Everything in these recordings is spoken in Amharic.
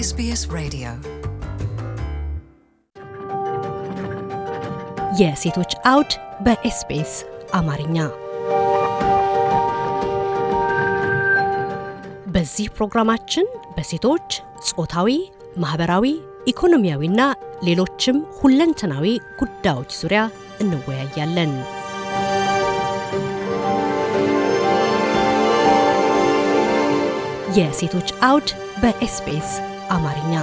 ኤስቢኤስ Radio የሴቶች አውድ በኤስቢኤስ አማርኛ። በዚህ ፕሮግራማችን በሴቶች ጾታዊ፣ ማኅበራዊ፣ ኢኮኖሚያዊና ሌሎችም ሁለንተናዊ ጉዳዮች ዙሪያ እንወያያለን። የሴቶች አውድ በኤስቢኤስ አማርኛ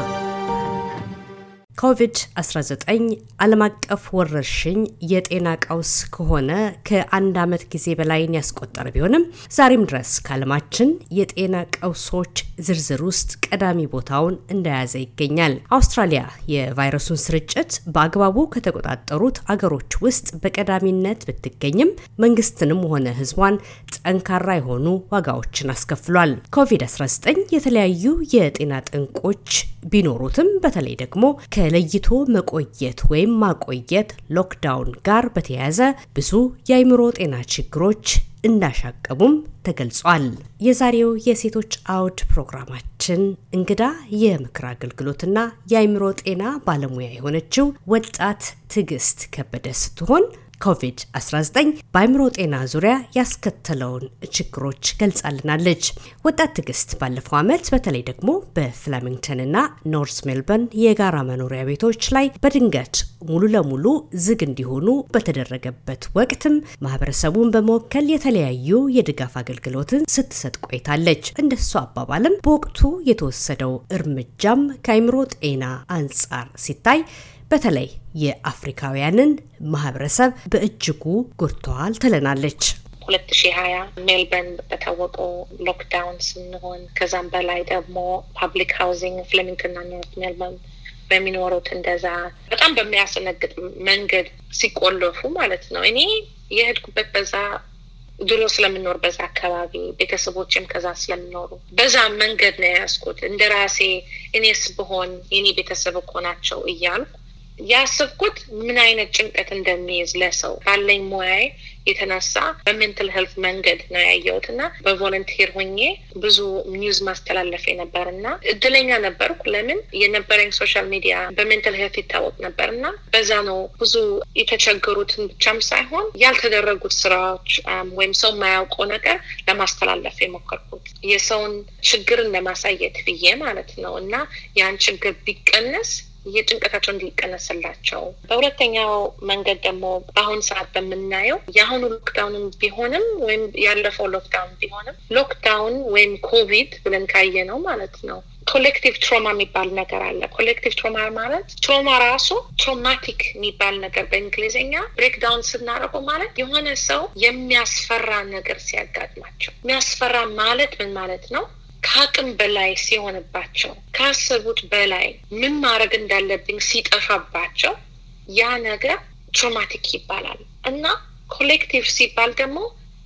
ኮቪድ-19 ዓለም አቀፍ ወረርሽኝ የጤና ቀውስ ከሆነ ከአንድ ዓመት ጊዜ በላይን ያስቆጠረ ቢሆንም ዛሬም ድረስ ከዓለማችን የጤና ቀውሶች ዝርዝር ውስጥ ቀዳሚ ቦታውን እንደያዘ ይገኛል። አውስትራሊያ የቫይረሱን ስርጭት በአግባቡ ከተቆጣጠሩት አገሮች ውስጥ በቀዳሚነት ብትገኝም መንግስትንም ሆነ ህዝቧን ጠንካራ የሆኑ ዋጋዎችን አስከፍሏል። ኮቪድ-19 የተለያዩ የጤና ጠንቆች ቢኖሩትም በተለይ ደግሞ ተለይቶ መቆየት ወይም ማቆየት ሎክዳውን ጋር በተያያዘ ብዙ የአይምሮ ጤና ችግሮች እንዳሻቀቡም ተገልጿል። የዛሬው የሴቶች አውድ ፕሮግራማችን እንግዳ የምክር አገልግሎትና የአይምሮ ጤና ባለሙያ የሆነችው ወጣት ትዕግስት ከበደ ስትሆን ኮቪድ-19 በአእምሮ ጤና ዙሪያ ያስከተለውን ችግሮች ገልጻልናለች። ወጣት ትዕግስት ባለፈው ዓመት በተለይ ደግሞ በፍላሚንግተንና ኖርስ ሜልበርን የጋራ መኖሪያ ቤቶች ላይ በድንገት ሙሉ ለሙሉ ዝግ እንዲሆኑ በተደረገበት ወቅትም ማህበረሰቡን በመወከል የተለያዩ የድጋፍ አገልግሎትን ስትሰጥ ቆይታለች። እንደሱ አባባልም በወቅቱ የተወሰደው እርምጃም ከአይምሮ ጤና አንጻር ሲታይ በተለይ የአፍሪካውያንን ማህበረሰብ በእጅጉ ጎድተዋል ትለናለች። 2020 ሺ ሜልበርን በታወቀው ሎክዳውን ስንሆን ከዛም በላይ ደግሞ ፓብሊክ ሃውዚንግ ፍሌሚንግና ኖርት ሜልበርን በሚኖሩት እንደዛ በጣም በሚያስነግጥ መንገድ ሲቆለፉ ማለት ነው። እኔ የሄድኩበት በዛ ድሮ ስለምኖር በዛ አካባቢ ቤተሰቦችም ከዛ ስለምኖሩ በዛ መንገድ ነው የያዝኩት። እንደ ራሴ እኔስ ብሆን የኔ ቤተሰብ እኮ ናቸው እያልኩ ያስብኩት ምን አይነት ጭንቀት እንደሚይዝ ለሰው ባለኝ ሙያዬ የተነሳ በሜንታል ሄልት መንገድ ነው ያየሁት እና በቮለንቲር ሆኜ ብዙ ኒውዝ ማስተላለፍ ነበር እና እድለኛ ነበርኩ። ለምን የነበረኝ ሶሻል ሚዲያ በሜንታል ሄልት ይታወቅ ነበር እና በዛ ነው ብዙ የተቸገሩትን ብቻም ሳይሆን ያልተደረጉት ስራዎች ወይም ሰው የማያውቀው ነገር ለማስተላለፍ የሞከርኩት የሰውን ችግርን ለማሳየት ብዬ ማለት ነው እና ያን ችግር ቢቀነስ ይህ ጭንቀታቸው እንዲቀነስላቸው። በሁለተኛው መንገድ ደግሞ በአሁኑ ሰዓት በምናየው የአሁኑ ሎክዳውንም ቢሆንም ወይም ያለፈው ሎክዳውን ቢሆንም ሎክዳውን ወይም ኮቪድ ብለን ካየ ነው ማለት ነው ኮሌክቲቭ ትሮማ የሚባል ነገር አለ። ኮሌክቲቭ ትሮማ ማለት ትሮማ ራሱ ትሮማቲክ የሚባል ነገር በእንግሊዝኛ ብሬክዳውን ስናደርገው ማለት የሆነ ሰው የሚያስፈራ ነገር ሲያጋጥማቸው፣ የሚያስፈራ ማለት ምን ማለት ነው? ከአቅም በላይ ሲሆንባቸው ካሰቡት በላይ ምን ማድረግ እንዳለብኝ ሲጠፋባቸው ያ ነገር ትሮማቲክ ይባላል እና ኮሌክቲቭ ሲባል ደግሞ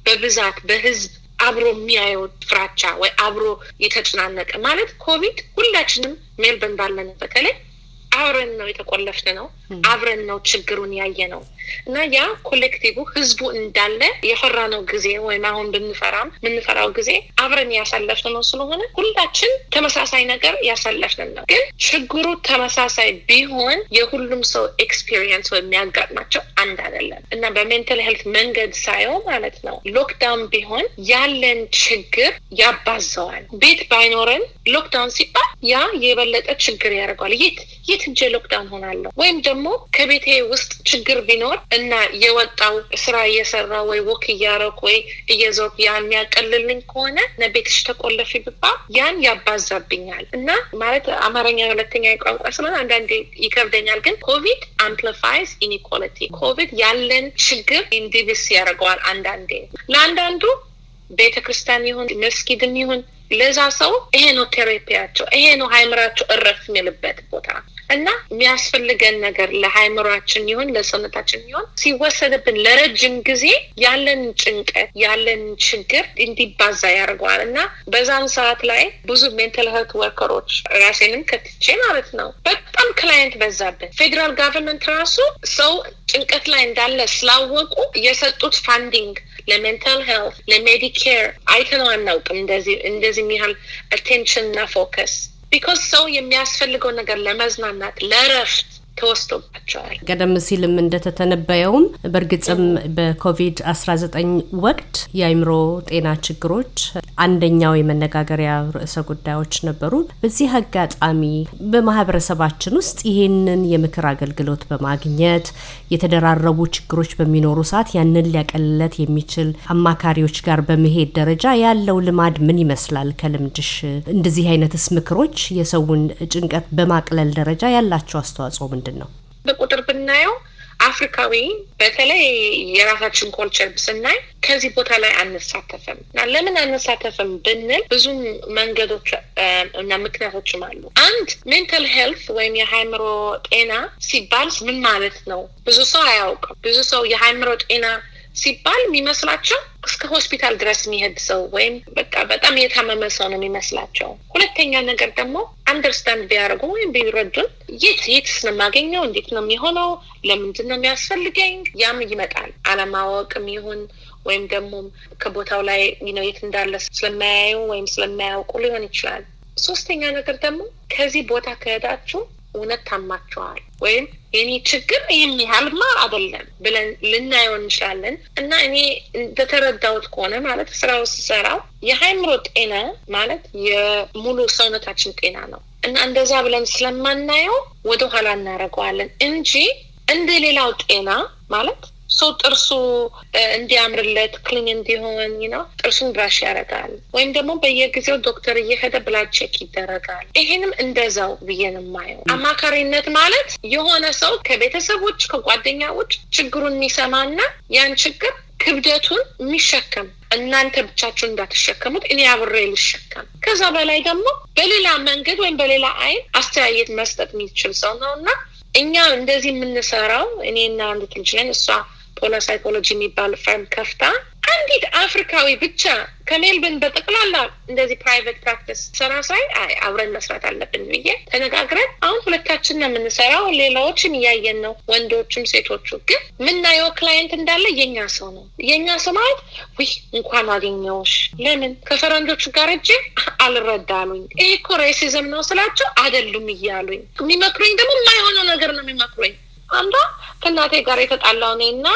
በብዛት በህዝብ አብሮ የሚያየው ፍራቻ ወይ አብሮ የተጨናነቀ ማለት ኮቪድ ሁላችንም ሜልበን ባለን በተለይ አብረን ነው የተቆለፍን ነው አብረን ነው ችግሩን ያየ ነው እና ያ ኮሌክቲቭ ህዝቡ እንዳለ የፈራነው ጊዜ ወይም አሁን ብንፈራም የምንፈራው ጊዜ አብረን ያሳለፍን ነው ስለሆነ ሁላችን ተመሳሳይ ነገር ያሳለፍን ነው። ግን ችግሩ ተመሳሳይ ቢሆን የሁሉም ሰው ኤክስፒሪየንስ ወይም የሚያጋጥማቸው አንድ አይደለም እና በሜንታል ሄልት መንገድ ሳየው ማለት ነው ሎክዳውን ቢሆን ያለን ችግር ያባዘዋል። ቤት ባይኖረን ሎክዳውን ሲባል ያ የበለጠ ችግር ያደርገዋል። የት የት እጀ ሎክዳውን ሆናለሁ ወይም ደግሞ ከቤቴ ውስጥ ችግር ቢኖር ስለሚኖር እና የወጣው ስራ እየሰራ ወይ ወክ እያረኩ ወይ እየዞርኩ ያን ያቀልልኝ ከሆነ ቤትሽ ተቆለፊ ብባ ያን ያባዛብኛል እና ማለት አማርኛ ሁለተኛ ቋንቋ ስለሆነ አንዳንዴ ይከብደኛል። ግን ኮቪድ አምፕሊፋይስ ኢኒኳሊቲ ኮቪድ ያለን ችግር ኢንዲቪስ ያደርገዋል። አንዳንዴ ለአንዳንዱ ቤተ ክርስቲያን ይሁን መስጊድም ይሁን ለዛ ሰው ይሄ ነው ቴሬፒያቸው፣ ይሄ ነው ሀይምራቸው እረፍ የሚልበት ቦታ እና የሚያስፈልገን ነገር ለሃይምሯችን ይሁን ለሰውነታችን ይሁን ሲወሰድብን ለረጅም ጊዜ ያለን ጭንቀት ያለን ችግር እንዲባዛ ያደርገዋል እና በዛም ሰዓት ላይ ብዙ ሜንታል ሄልት ወርከሮች ራሴንም ከትቼ ማለት ነው በጣም ክላይንት በዛብን ፌዴራል ጋቨርንመንት ራሱ ሰው ጭንቀት ላይ እንዳለ ስላወቁ የሰጡት ፋንዲንግ ለሜንታል ሄልት ለሜዲኬር አይተነው አናውቅም እንደዚህ እንደዚህ ያህል አቴንሽን እና ፎከስ ቢኮዝ ሰው የሚያስፈልገው ነገር ለመዝናናት ለእረፍት ተወስዶባቸዋል። ቀደም ሲልም እንደተተነበየውም በእርግጥም በኮቪድ-19 ወቅት የአይምሮ ጤና ችግሮች አንደኛው የመነጋገሪያ ርዕሰ ጉዳዮች ነበሩ። በዚህ አጋጣሚ በማህበረሰባችን ውስጥ ይህንን የምክር አገልግሎት በማግኘት የተደራረቡ ችግሮች በሚኖሩ ሰዓት ያንን ሊያቀልለት የሚችል አማካሪዎች ጋር በመሄድ ደረጃ ያለው ልማድ ምን ይመስላል? ከልምድሽ እንደዚህ አይነትስ ምክሮች የሰውን ጭንቀት በማቅለል ደረጃ ያላቸው አስተዋጽኦ ምን ምንድን ነው? በቁጥር ብናየው አፍሪካዊ በተለይ የራሳችን ኮልቸር ስናይ ከዚህ ቦታ ላይ አንሳተፍም እና ለምን አንሳተፍም ብንል ብዙ መንገዶች እና ምክንያቶችም አሉ። አንድ ሜንታል ሄልፍ ወይም የሃይምሮ ጤና ሲባል ምን ማለት ነው? ብዙ ሰው አያውቅም። ብዙ ሰው የሃይምሮ ጤና ሲባል የሚመስላቸው እስከ ሆስፒታል ድረስ የሚሄድ ሰው ወይም በቃ በጣም የታመመ ሰው ነው የሚመስላቸው። ሁለተኛ ነገር ደግሞ አንደርስታንድ ቢያደርጉ ወይም ቢረዱን የት የትስ ነው የማገኘው፣ እንዴት ነው የሚሆነው፣ ለምንድን ነው የሚያስፈልገኝ፣ ያም ይመጣል አለማወቅም ይሁን ወይም ደግሞ ከቦታው ላይ ነው የት እንዳለ ስለማያዩ ወይም ስለማያውቁ ሊሆን ይችላል። ሶስተኛ ነገር ደግሞ ከዚህ ቦታ ከሄዳችሁ እውነት ታማቸዋል ወይም የኔ ችግር ይህን ያህልማ አይደለም ብለን ልናየው እንችላለን። እና እኔ እንደተረዳሁት ከሆነ ማለት ስራው ስሰራው የሃይምሮ ጤና ማለት የሙሉ ሰውነታችን ጤና ነው እና እንደዛ ብለን ስለማናየው ወደኋላ እናደርገዋለን እንጂ እንደ ሌላው ጤና ማለት ሰው ጥርሱ እንዲያምርለት ክሊን እንዲሆን ነው ጥርሱን ብራሽ ያደርጋል። ወይም ደግሞ በየጊዜው ዶክተር እየሄደ ብላድ ቼክ ይደረጋል። ይሄንም እንደዛው ብዬ ነው የማየው። አማካሪነት ማለት የሆነ ሰው ከቤተሰቦች ከጓደኛዎች ችግሩን የሚሰማና ያን ችግር ክብደቱን የሚሸከም እናንተ ብቻችሁን እንዳትሸከሙት እኔ አብሬ ልሸከም። ከዛ በላይ ደግሞ በሌላ መንገድ ወይም በሌላ አይን አስተያየት መስጠት የሚችል ሰው ነው እና እኛ እንደዚህ የምንሰራው እኔና አንዲት ልጅ እሷ ፖለር ሳይኮሎጂ የሚባል ፈርም ከፍታ አንዲት አፍሪካዊ ብቻ ከሜልብን በጠቅላላ እንደዚህ ፕራይቬት ፕራክቲስ ስራ ሳይ አብረን መስራት አለብን ብዬ ተነጋግረን አሁን ሁለታችን ነው የምንሰራው። ሌላዎችን እያየን ነው፣ ወንዶቹም ሴቶቹ። ግን የምናየው ክላይንት እንዳለ የኛ ሰው ነው። የኛ ሰው ማለት ውይ እንኳን አገኘውሽ ለምን ከፈረንጆቹ ጋር እጅ አልረዳሉኝ ይህ እኮ ሬሲዝም ነው ስላቸው አይደሉም እያሉኝ የሚመክሩኝ ደግሞ የማይሆነው ነገር ነው የሚመክሩኝ አንዷ ከእናቴ ጋር የተጣላው እኔ እና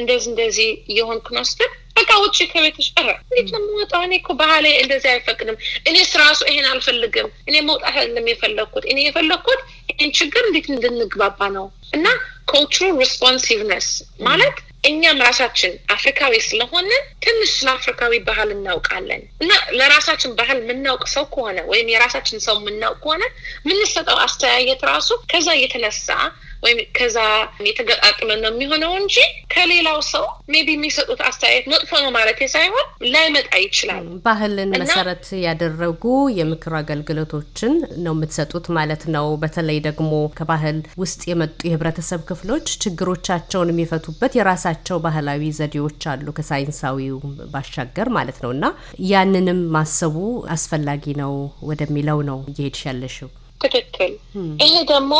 እንደዚህ እንደዚህ እየሆንኩ ነው ስትል በቃ ውጭ ከቤትሽ ቀረ። እንዴት ነው የምወጣው? እኔ እኮ ባህሌ እንደዚህ አይፈቅድም። እኔ ስራሱ ይሄን አልፈልግም። እኔ መውጣት አይደለም የፈለግኩት። እኔ የፈለግኩት ይህን ችግር እንዴት እንድንግባባ ነው። እና ኮልቹራል ሪስፖንሲቭነስ ማለት እኛም ራሳችን አፍሪካዊ ስለሆነ ትንሽ ስለ አፍሪካዊ ባህል እናውቃለን እና ለራሳችን ባህል የምናውቅ ሰው ከሆነ ወይም የራሳችን ሰው የምናውቅ ከሆነ የምንሰጠው አስተያየት ራሱ ከዛ እየተነሳ ወይም ከዛ የተገጣጥመን ነው የሚሆነው እንጂ ከሌላው ሰው ሜቢ የሚሰጡት አስተያየት መጥፎ ነው ማለት ሳይሆን ላይመጣ ይችላል። ባህልን መሰረት ያደረጉ የምክር አገልግሎቶችን ነው የምትሰጡት ማለት ነው። በተለይ ደግሞ ከባህል ውስጥ የመጡ የህብረተሰብ ክፍሎች ችግሮቻቸውን የሚፈቱበት የራሳቸው ባህላዊ ዘዴዎች አሉ፣ ከሳይንሳዊው ባሻገር ማለት ነው እና ያንንም ማሰቡ አስፈላጊ ነው ወደሚለው ነው እየሄድሽ ያለሽው። ትክክል። ይሄ ደግሞ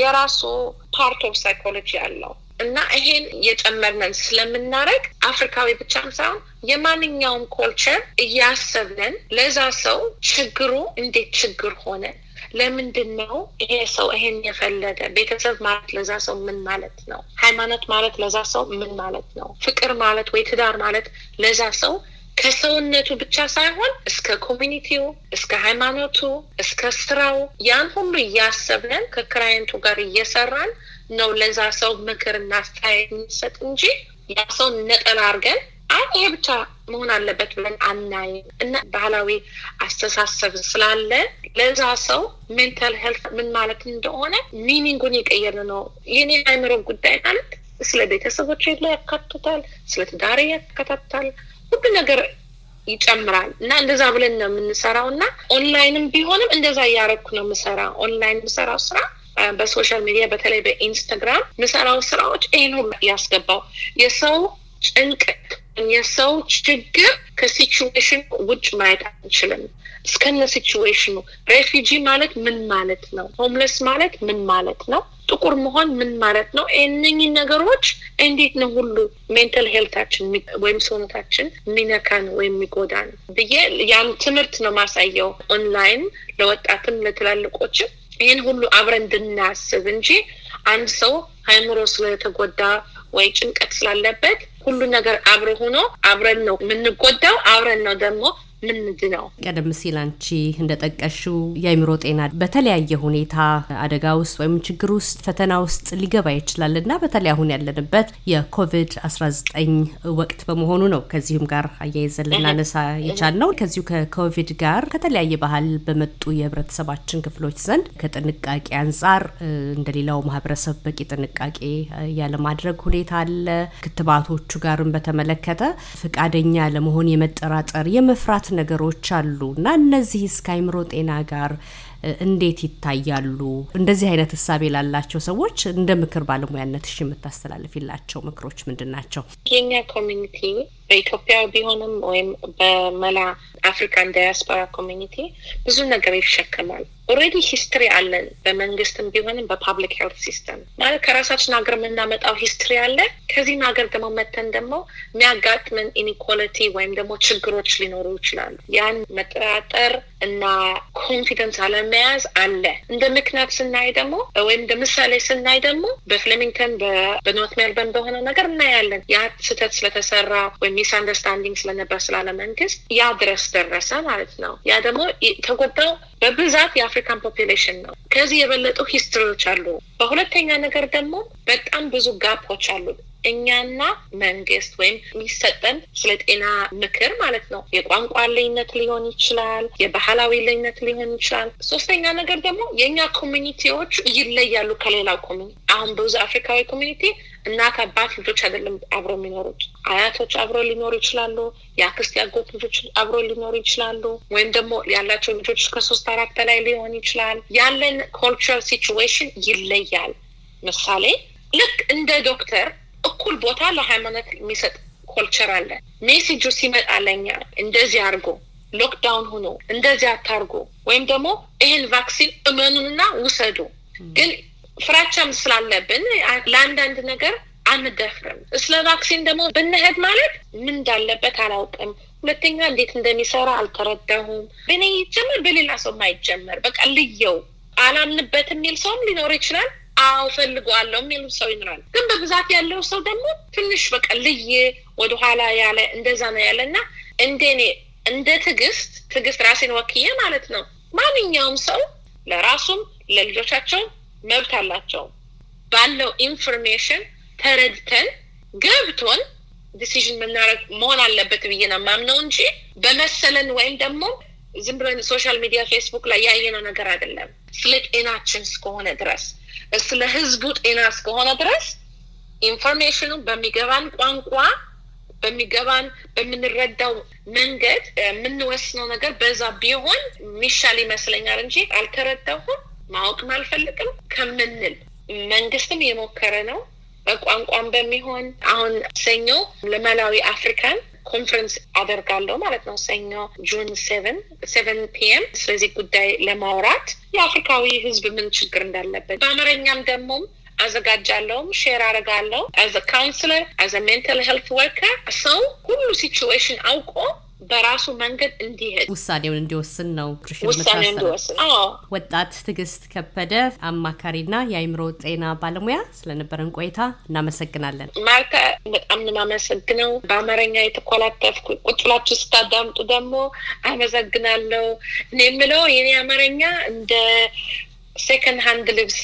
የራሱ ፓርት ኦፍ ሳይኮሎጂ አለው እና ይሄን የጨመርነን ስለምናደረግ አፍሪካዊ ብቻም ሳይሆን የማንኛውም ኮልቸር እያሰብንን ለዛ ሰው ችግሩ እንዴት ችግር ሆነ ለምንድን ነው ይሄ ሰው ይሄን የፈለገ? ቤተሰብ ማለት ለዛ ሰው ምን ማለት ነው? ሃይማኖት ማለት ለዛ ሰው ምን ማለት ነው? ፍቅር ማለት ወይ ትዳር ማለት ለዛ ሰው ከሰውነቱ ብቻ ሳይሆን እስከ ኮሚኒቲው፣ እስከ ሃይማኖቱ፣ እስከ ስራው ያን ሁሉ እያሰብነን ከክራይንቱ ጋር እየሰራን ነው ለዛ ሰው ምክርና አስተያየት የሚሰጥ እንጂ ያ ሰውን ነጠላ አድርገን አይ ይሄ ብቻ መሆን አለበት ብለን አናይ እና ባህላዊ አስተሳሰብ ስላለ ለዛ ሰው ሜንታል ሄልት ምን ማለት እንደሆነ ሚኒንጉን የቀየረ ነው። የኔ አይምሮ ጉዳይ ማለት ስለ ቤተሰቦች ላይ ያካትታል፣ ስለ ትዳሬ ያካታታል፣ ሁሉ ነገር ይጨምራል እና እንደዛ ብለን ነው የምንሰራው እና ኦንላይንም ቢሆንም እንደዛ እያረግኩ ነው ምሰራ ኦንላይን የምሰራው ስራ በሶሻል ሚዲያ በተለይ በኢንስታግራም ምሰራው ስራዎች ይህን ሁሉ ያስገባው የሰው ጭንቅ የሰው ችግር ከሲችዌሽን ውጭ ማየት አንችልም። እስከነ ሲችዌሽኑ ሬፊጂ ማለት ምን ማለት ነው? ሆምለስ ማለት ምን ማለት ነው? ጥቁር መሆን ምን ማለት ነው? እነኚህ ነገሮች እንዴት ነው ሁሉ ሜንታል ሄልታችን ወይም ሰውነታችን የሚነካን ወይም የሚጎዳን ብዬ ያን ትምህርት ነው ማሳየው ኦንላይን ለወጣትም ለትላልቆችም ይህን ሁሉ አብረን እንድናስብ እንጂ አንድ ሰው ሃይምሮ ስለተጎዳ ወይ ጭንቀት ስላለበት ሁሉ ነገር አብረ ሆኖ አብረን ነው የምንጎዳው፣ አብረን ነው ደግሞ ምንድ ነው ቀደም ሲል አንቺ እንደጠቀሽው የአይምሮ ጤና በተለያየ ሁኔታ አደጋ ውስጥ ወይም ችግር ውስጥ ፈተና ውስጥ ሊገባ ይችላል እና በተለይ አሁን ያለንበት የኮቪድ-19 ወቅት በመሆኑ ነው። ከዚሁም ጋር አያይዘን ልናነሳ ነው። ከዚሁ ከኮቪድ ጋር ከተለያየ ባህል በመጡ የህብረተሰባችን ክፍሎች ዘንድ ከጥንቃቄ አንጻር እንደሌላው ማህበረሰብ በቂ ጥንቃቄ ያለማድረግ ሁኔታ አለ። ክትባቶቹ ጋርም በተመለከተ ፈቃደኛ ለመሆን የመጠራጠር የመፍራት ነገሮች አሉ እና እነዚህ እስከ አይምሮ ጤና ጋር እንዴት ይታያሉ? እንደዚህ አይነት እሳቤ ላላቸው ሰዎች እንደ ምክር ባለሙያነት እሺ የምታስተላልፊላቸው ምክሮች ምንድን ናቸው? የኛ ኮሚኒቲ በኢትዮጵያ ቢሆንም ወይም በመላ አፍሪካን ዳያስፖራ ኮሚኒቲ ብዙ ነገር ይሸከማል። ኦሬዲ ሂስትሪ አለን። በመንግስትም ቢሆንም በፓብሊክ ሄልት ሲስተም ማለት ከራሳችን ሀገር የምናመጣው ሂስትሪ አለ። ከዚህም ሀገር ደግሞ መተን ደግሞ የሚያጋጥምን ኢኒኳሊቲ ወይም ደግሞ ችግሮች ሊኖሩ ይችላሉ። ያን መጠራጠር እና ኮንፊደንስ አለመያዝ አለ። እንደ ምክንያት ስናይ ደግሞ ወይም እንደ ምሳሌ ስናይ ደግሞ በፍለሚንግተን በኖርት ሜልበን በሆነው ነገር እናያለን ያ ስህተት ስለተሰራ ወይም ሚስአንደርስታንዲንግ ስለነበር ስላለ መንግስት ያ ድረስ ደረሰ ማለት ነው። ያ ደግሞ ተጎዳው በብዛት የአፍሪካን ፖፕሌሽን ነው። ከዚህ የበለጡ ሂስትሪዎች አሉ። በሁለተኛ ነገር ደግሞ በጣም ብዙ ጋፖች አሉ። እኛና መንግስት ወይም የሚሰጠን ስለ ጤና ምክር ማለት ነው የቋንቋ ልዩነት ሊሆን ይችላል፣ የባህላዊ ልዩነት ሊሆን ይችላል። ሶስተኛ ነገር ደግሞ የእኛ ኮሚኒቲዎች ይለያሉ ከሌላው ኮሚኒቲ። አሁን ብዙ አፍሪካዊ ኮሚኒቲ እናት አባት ልጆች አይደለም አብሮ የሚኖሩት። አያቶች አብሮ ሊኖሩ ይችላሉ። የአክስት ያጎት ልጆች አብሮ ሊኖሩ ይችላሉ። ወይም ደግሞ ያላቸው ልጆች ከሶስት አራት በላይ ሊሆን ይችላል። ያለን ኮልቸራል ሲችዌሽን ይለያል። ምሳሌ ልክ እንደ ዶክተር እኩል ቦታ ለሃይማኖት የሚሰጥ ኮልቸር አለ። ሜሴጁ ሲመጣ ለኛ እንደዚህ አርጎ ሎክዳውን ሆኖ እንደዚህ አታርጎ ወይም ደግሞ ይህን ቫክሲን እመኑንና ውሰዱ ግን ፍራቻም ስላለብን ለአንዳንድ ነገር አንደፍርም። ስለ ቫክሲን ደግሞ ብንሄድ ማለት ምን እንዳለበት አላውቅም። ሁለተኛ እንዴት እንደሚሰራ አልተረዳሁም። በኔ ይጀመር በሌላ ሰው ማይጀመር በቃ ልየው አላምንበት የሚል ሰውም ሊኖር ይችላል። አዎ ፈልገዋለሁ የሚሉ ሰው ይኖራል። ግን በብዛት ያለው ሰው ደግሞ ትንሽ በቃ ልይ ወደኋላ ያለ እንደዛ ነው ያለ እና እንደኔ እንደ ትዕግስት ትዕግስት ራሴን ወክዬ ማለት ነው ማንኛውም ሰው ለራሱም ለልጆቻቸው መብት አላቸው ባለው ኢንፎርሜሽን ተረድተን ገብቶን ዲሲዥን መናረግ መሆን አለበት ብዬ ነው ማምነው እንጂ በመሰለን ወይም ደግሞ ዝም ብለን ሶሻል ሚዲያ ፌስቡክ ላይ ያየነው ነገር አይደለም። ስለ ጤናችን እስከሆነ ድረስ ስለ ህዝቡ ጤና እስከሆነ ድረስ ኢንፎርሜሽኑ በሚገባን ቋንቋ በሚገባን በምንረዳው መንገድ የምንወስነው ነገር በዛ ቢሆን ሚሻል ይመስለኛል እንጂ አልተረዳሁም ማወቅም አልፈልግም ከምንል መንግስትም የሞከረ ነው። በቋንቋም በሚሆን አሁን ሰኞ ለመላዊ አፍሪካን ኮንፈረንስ አደርጋለሁ ማለት ነው ሰኞ ጁን ሴቨን ፒኤም ስለዚህ ጉዳይ ለማውራት የአፍሪካዊ ህዝብ ምን ችግር እንዳለበት በአማርኛም ደግሞ አዘጋጃለውም ሼር አረጋለው አዘ ካውንስለር አዘ ሜንታል ሄልት ወርከር ሰው ሁሉ ሲችዌሽን አውቆ በራሱ መንገድ እንዲሄድ ውሳኔውን እንዲወስን ነው። ውሳኔ እንዲወስን። ወጣት ትግስት ከበደ አማካሪና የአይምሮ ጤና ባለሙያ ስለነበረን ቆይታ እናመሰግናለን። ማርታ፣ በጣም የማመሰግነው በአማርኛ የተኮላተፍኩ ቁጭላችሁ ስታዳምጡ ደግሞ አመሰግናለው። እኔ የምለው የኔ አማርኛ እንደ ሴከንድ ሃንድ ልብስ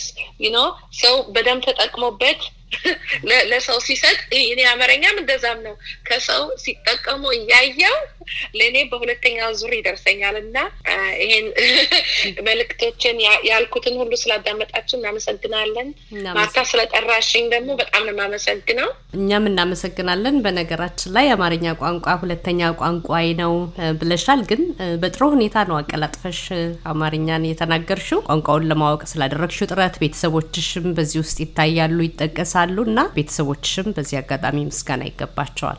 ዩኖ ሰው በደንብ ተጠቅሞበት ለሰው ሲሰጥ የኔ አማርኛም እንደዛም ነው። ከሰው ሲጠቀሙ እያየው ለእኔ በሁለተኛ ዙር ይደርሰኛል እና ይሄን መልክቶችን ያልኩትን ሁሉ ስላዳመጣችሁ እናመሰግናለን። ማርታ ስለጠራሽኝ ደግሞ በጣም ነው የማመሰግነው። እኛም እናመሰግናለን። በነገራችን ላይ የአማርኛ ቋንቋ ሁለተኛ ቋንቋዬ ነው ብለሻል፣ ግን በጥሩ ሁኔታ ነው አቀላጥፈሽ አማርኛን የተናገርሽው። ቋንቋውን ለማወቅ ስላደረግሽው ጥረት ቤተሰቦችሽም በዚህ ውስጥ ይታያሉ፣ ይጠቀሳሉ እና ቤተሰቦችሽም በዚህ አጋጣሚ ምስጋና ይገባቸዋል።